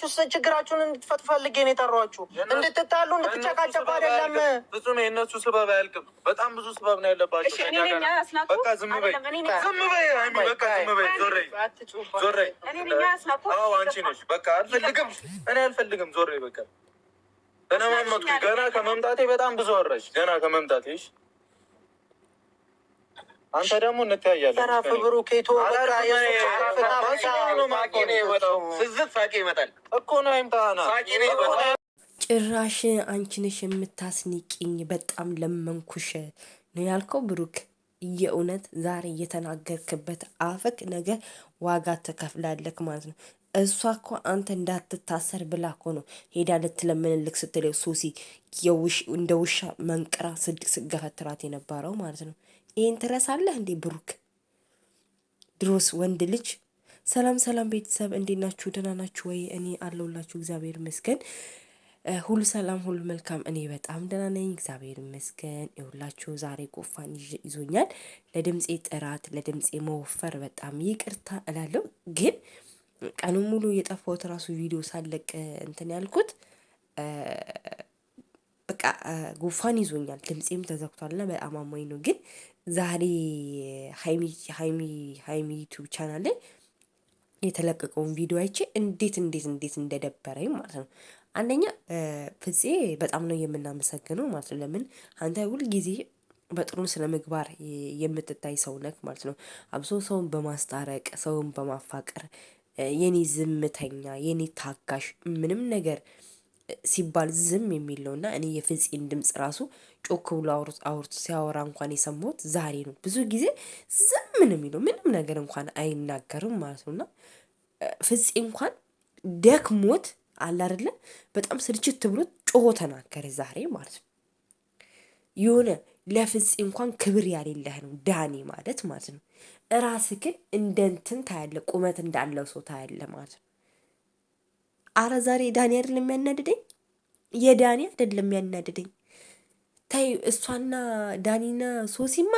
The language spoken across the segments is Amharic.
ገብታችሁ ችግራችሁን እንድትፈትፈልግ ፈልጌ ነው የጠሯችሁ። እንድትጣሉ እንድትጨቃጨቁ አይደለም። ፍጹም የእነሱ ስበብ አያልቅም። በጣም ብዙ ስበብ ነው ያለባቸው። አልፈልግም፣ እኔ በቃ ገና ከመምጣቴ በጣም ብዙ አወራሽ። ገና ከመምጣቴ አንተ ደግሞ እንተያያለን። ሰራፍ ብሩኬቶ ስዝት ሳቄ ይመጣል እኮ ነው። ይምጣና ጭራሽ አንቺ ነሽ የምታስኒቂኝ፣ በጣም ለመንኩሽ ነው ያልከው ብሩክ። የእውነት ዛሬ እየተናገርክበት አፈክ ነገ ዋጋ ተከፍላለክ ማለት ነው። እሷ እኮ አንተ እንዳትታሰር ብላ እኮ ነው ሄዳ ልትለምንልክ ስትል ሶሲ እንደ ውሻ መንቅራ ስገፈትራት የነበረው ማለት ነው። ይህን ትረሳለህ እንዴ ብሩክ? ድሮስ ወንድ ልጅ። ሰላም ሰላም ቤተሰብ እንዴት ናችሁ? ደህና ናችሁ ወይ? እኔ አለሁላችሁ እግዚአብሔር ይመስገን። ሁሉ ሰላም፣ ሁሉ መልካም። እኔ በጣም ደህና ነኝ፣ እግዚአብሔር ይመስገን። ይሁላችሁ ዛሬ ቆፋን ይዞኛል። ለድምፄ ጥራት፣ ለድምፄ መወፈር በጣም ይቅርታ እላለሁ ግን ቀኑ ሙሉ የጠፋሁት ራሱ ቪዲዮ ሳለቅ እንትን ያልኩት በቃ ጉንፋን ይዞኛል፣ ድምፄም ተዘግቷልና በጣም አማኝ ነው። ግን ዛሬ ሀይሚ ሀይሚ ሀይሚ ዩቱብ ቻናል ላይ የተለቀቀውን ቪዲዮ አይቼ እንዴት እንዴት እንዴት እንደደበረኝ ማለት ነው። አንደኛ ፍፄ በጣም ነው የምናመሰግነው ማለት ነው። ለምን አንተ ሁልጊዜ በጥሩ ስነ ምግባር የምትታይ ሰው ነክ ማለት ነው። አብሶ ሰውን በማስታረቅ ሰውን በማፋቀር የኔ ዝምተኛ የኔ ታጋሽ ምንም ነገር ሲባል ዝም የሚል ነው። እና እኔ የፍፄን ድምጽ ራሱ ጮክ ብሎ አውርቶ ሲያወራ እንኳን የሰማሁት ዛሬ ነው። ብዙ ጊዜ ዝም ነው የሚለው ምንም ነገር እንኳን አይናገርም ማለት ነው። እና ፍፄ እንኳን ደክሞት አለ አይደለ በጣም ስልችት ብሎት ጮሆ ተናገረ ዛሬ ማለት ነው። የሆነ ለፍፄ እንኳን ክብር ያሌለህ ነው ዳኒ ማለት ማለት ነው ራስህን እንደ እንትን ታያለ ቁመት እንዳለው ሰው ታያለ ማለት ነው። አረ ዛሬ ዳኒ አይደለም የሚያናድደኝ፣ የዳኒ አይደለም የሚያናድደኝ። ታይ እሷና ዳኒና ሶሲማ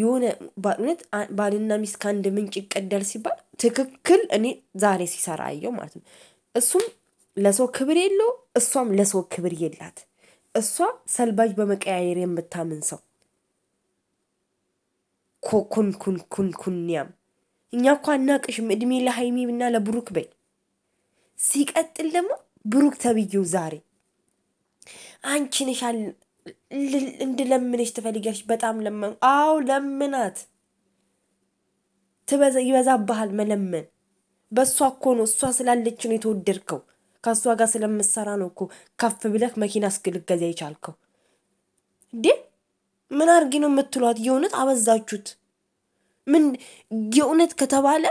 የሆነ በእውነት ባልና ሚስት ከአንድ ምንጭ ይቀደል ሲባል ትክክል እኔ ዛሬ ሲሰራ አየው ማለት ነው። እሱም ለሰው ክብር የለው፣ እሷም ለሰው ክብር የላት። እሷ ሰልባጅ በመቀያየር የምታምን ሰው ኩንኩንኩንኩንያም እኛ እኮ አናቅሽም። እድሜ ለሀይሚ ለብሩክ በይ። ሲቀጥል ደግሞ ብሩክ ተብዬው ዛሬ አንቺ ነሽ እንድለምንሽ ትፈልጊያለሽ። በጣም ለመን። አዎ ለምናት። ይበዛብሃል መለመን። በእሷ እኮ ነው እሷ ስላለች ነው የተወደድከው። ከእሷ ጋር ስለምሰራ ነው እኮ ከፍ ብለህ መኪና እስክልገዛ የቻልከው እንዴ ምን አድርጌ ነው የምትሏት? የእውነት አበዛችሁት። ምን የእውነት ከተባለ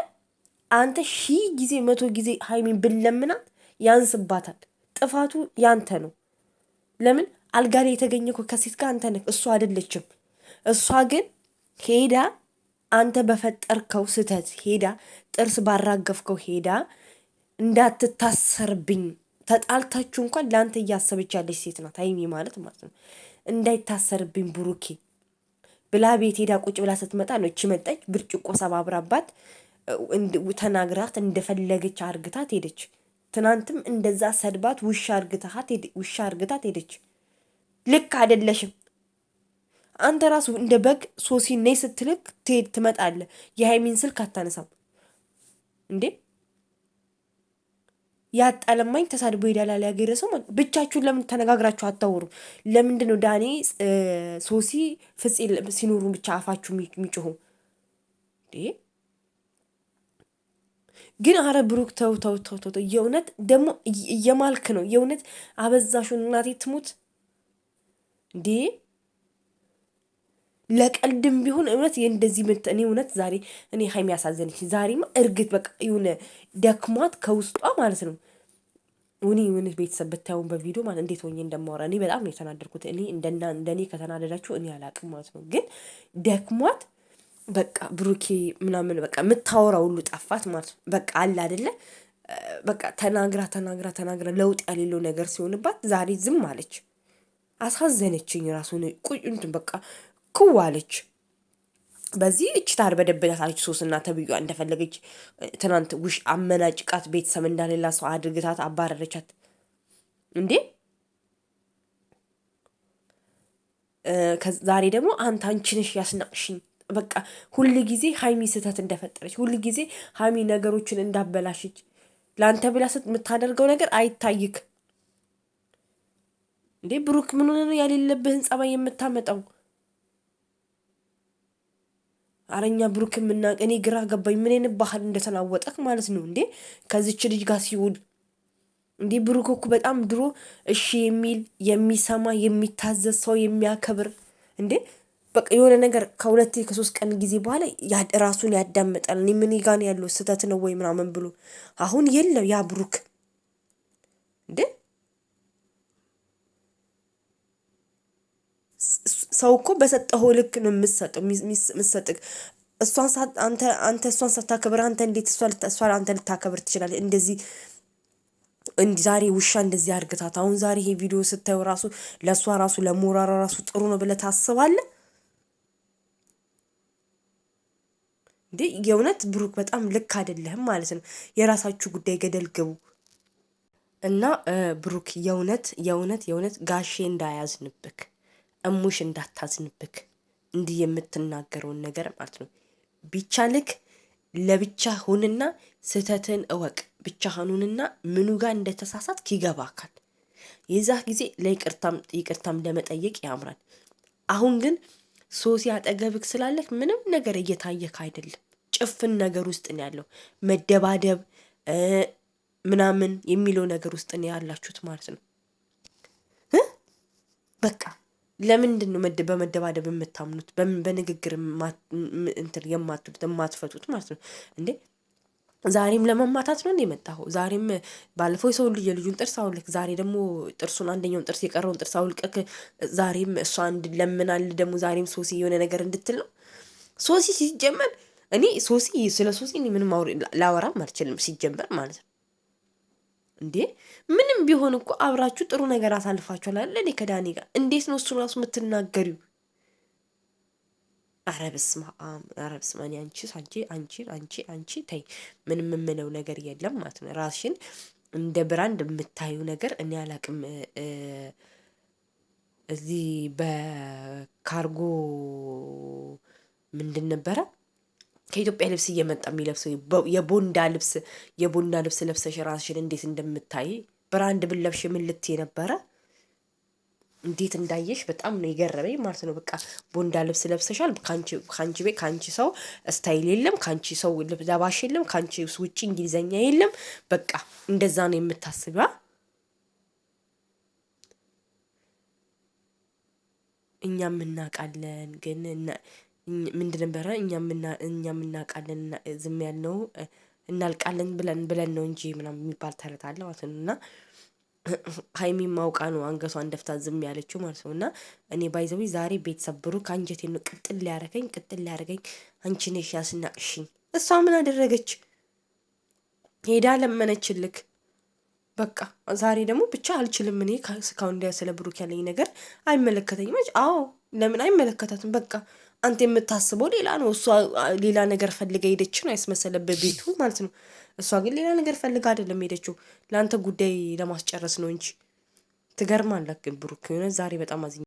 አንተ ሺ ጊዜ መቶ ጊዜ ሀይሚን ብለምናት ያንስባታል። ጥፋቱ ያንተ ነው። ለምን አልጋ ላይ የተገኘ እኮ ከሴት ጋር አንተ ነህ፣ እሷ አይደለችም። እሷ ግን ሄዳ አንተ በፈጠርከው ስህተት ሄዳ ጥርስ ባራገፍከው ሄዳ እንዳትታሰርብኝ ተጣልታችሁ እንኳን ለአንተ እያሰበች ያለች ሴት ናት ሀይሚ ማለት ማለት ነው። እንዳይታሰርብኝ ብሩኬ ብላ ቤት ሄዳ ቁጭ ብላ ስትመጣ ነው እቺ መጣች። ብርጭቆ ሰባብራባት ተናግራት እንደፈለገች አርግታት ሄደች። ትናንትም እንደዛ ሰድባት ውሻ አርግታት ሄደች። ልክ አይደለሽም አንተ ራሱ እንደ በግ ሶሲ ነይ ስትልክ ትሄድ ትመጣለ። የሃይሚን ስልክ አታነሳም እንዴ? ያጣለማኝ ተሳድቦ ሄዳል ያገረ ሰው ብቻችሁን ለምን ተነጋግራችሁ አታወሩም? ለምንድን ነው ዳኔ ሶሲ ፍፄ ሲኖሩ ብቻ አፋችሁ የሚጮሁ? ግን አረ ብሩክ ተው ተው ተው ተው። የእውነት ደግሞ እየማልክ ነው የእውነት አበዛሹን። እናቴ ትሙት እንዴ ለቀልድም ቢሆን እውነት እንደዚህ ምት እኔ እውነት ዛሬ እኔ ሀይሚ ያሳዘነች ዛሬማ እርግጥ በቃ የሆነ ደክሟት ከውስጧ ማለት ነው። እኔ የሆነ ቤተሰብ ብታየውን በቪዲዮ ማለት እንዴት ሆኜ እንደማወራ እኔ በጣም ነው የተናደድኩት። እኔ እንደና እንደኔ ከተናደዳችሁ እኔ አላቅም ማለት ነው። ግን ደክሟት በቃ ብሩኬ ምናምን በቃ የምታወራ ሁሉ ጠፋት ማለት ነው። በቃ አለ አደለ በቃ ተናግራ ተናግራ ተናግራ ለውጥ ያሌለው ነገር ሲሆንባት ዛሬ ዝም አለች። አሳዘነችኝ ራሱን ቁጭ እንትን በቃ ክው አለች። በዚህ እች ታርበደብዳታለች ሶስና ተብዬዋ እንደፈለገች ትናንት ውሽ አመናጭቃት ቤተሰብ እንዳሌላ ሰው አድርግታት አባረረቻት እንዴ። ዛሬ ደግሞ አንተ አንቺ ያስናቅሽኝ። በቃ ሁል ጊዜ ሀይሚ ስህተት እንደፈጠረች ሁል ጊዜ ሀይሚ ነገሮችን እንዳበላሽች ለአንተ ብላ ስት የምታደርገው ነገር አይታይክ እንዴ ብሩክ፣ ምን ሆነ ነው ያሌለብህን ጸባይ የምታመጣው? አረኛ ብሩክ የምናቅ እኔ ግራ ገባኝ። ምን አይነት ባህል እንደተናወጠክ ማለት ነው እንዴ ከዚች ልጅ ጋር ሲውል እንዴ። ብሩክ እኮ በጣም ድሮ እሺ የሚል የሚሰማ፣ የሚታዘዝ ሰው የሚያከብር እንዴ በቃ የሆነ ነገር ከሁለት ከሶስት ቀን ጊዜ በኋላ ራሱን ያዳምጣል። እኔ ምን ጋን ያለው ስህተት ነው ወይ ምናምን ብሎ አሁን የለም ያ ብሩክ እንዴ ሰው እኮ በሰጠኸው ልክ ነው የምሰጠው የምሰጥህ እሷን አንተ አንተ እሷን ሳታከብር አንተ እንዴት እሷ አንተ ልታከብር ትችላለህ? እንደዚህ ዛሬ ውሻ እንደዚህ አድርግታት። አሁን ዛሬ ይሄ ቪዲዮ ስታዩ ራሱ ለእሷ ራሱ ለሞራራ ራሱ ጥሩ ነው ብለህ ታስባለህ? እንዴ የእውነት ብሩክ በጣም ልክ አይደለህም ማለት ነው። የራሳችሁ ጉዳይ ገደል ግቡ እና ብሩክ የእውነት የእውነት የእውነት ጋሼ እንዳያዝንብክ እሙሽ እንዳታዝንብክ እንዲህ የምትናገረውን ነገር ማለት ነው። ቢቻልክ ለብቻ ሁንና ስህተትን እወቅ። ብቻ ሁንና ምኑ ጋር እንደተሳሳትክ ይገባካል። የዛ ጊዜ ለይቅርታም ለመጠየቅ ያምራል። አሁን ግን ሶሲ አጠገብክ ስላለክ ምንም ነገር እየታየክ አይደለም። ጭፍን ነገር ውስጥ ነው ያለው። መደባደብ ምናምን የሚለው ነገር ውስጥ ነው ያላችሁት ማለት ነው። በቃ ለምንድን ነው በመደባደብ የምታምኑት? በንግግር እንትን የማትሉት የማትፈቱት ማለት ነው እንዴ? ዛሬም ለመማታት ነው እንዴ መጣሁ? ዛሬም ባለፈው የሰው ልጅ የልጁን ጥርስ አውልክ፣ ዛሬ ደግሞ ጥርሱን አንደኛውን ጥርስ የቀረውን ጥርስ አውልቀክ፣ ዛሬም እሷ ለምናል ደግሞ ዛሬም ሶሲ የሆነ ነገር እንድትል ነው። ሶሲ ሲጀመር እኔ ሶሲ ስለ ሶሲ ምንም ላወራም አልችልም ሲጀመር ማለት ነው። እንዴ ምንም ቢሆን እኮ አብራችሁ ጥሩ ነገር አሳልፋችኋል አለ እኔ ከዳኒ ጋር እንዴት ነው እሱን ራሱ የምትናገሪው አረ በስመ አብ አረ በስመ አንቺ ሳንቺ አንቺ አንቺ አንቺ ተይ ምንም የምለው ነገር የለም ማለት ነው ራስሽን እንደ ብራንድ የምታዩ ነገር እኔ አላቅም እዚህ በካርጎ ምንድን ነበረ ከኢትዮጵያ ልብስ እየመጣ የሚለብሰው የቦንዳ ልብስ የቦንዳ ልብስ ለብሰሽ ራስሽን እንዴት እንደምታይ ብራንድ ብለብሽ ምን ልት የነበረ እንዴት እንዳየሽ በጣም ነው የገረመኝ ማለት ነው። በቃ ቦንዳ ልብስ ለብሰሻል። ከአንቺ ቤት ከአንቺ ሰው ስታይል የለም፣ ከአንቺ ሰው ለባሽ የለም፣ ከአንቺ ውጭ እንግሊዘኛ የለም። በቃ እንደዛ ነው የምታስባ። እኛም እናውቃለን ግን ምንድን ነበረ እኛ የምናውቃለን ዝም ያልነው እናልቃለን ብለን ብለን ነው እንጂ ምናምን የሚባል ተረት አለ ማለት ነው። እና ነው አንገቷን ደፍታ ዝም ያለችው ማለት ነው። እና እኔ ባይዘዊ ዛሬ ቤተሰብ ብሩ አንጀቴን ነው ቅጥል ሊያረገኝ ቅጥል ሊያረገኝ አንቺ ነሽ ያስናቅሽኝ። እሷ ምን አደረገች? ሄዳ ለመነችልክ። በቃ ዛሬ ደግሞ ብቻ አልችልም እኔ እስካሁን ስለ ብሩክ ያለኝ ነገር አይመለከተኝም። አዎ ለምን አይመለከታትም? በቃ አንተ የምታስበው ሌላ ነው። እሷ ሌላ ነገር ፈልጋ ሄደች ነው ያስመሰለ በቤቱ ማለት ነው። እሷ ግን ሌላ ነገር ፈልጋ አይደለም ሄደችው፣ ለአንተ ጉዳይ ለማስጨረስ ነው እንጂ። ትገርማለህ ግን ብሩክ፣ የሆነ ዛሬ በጣም አዝኝ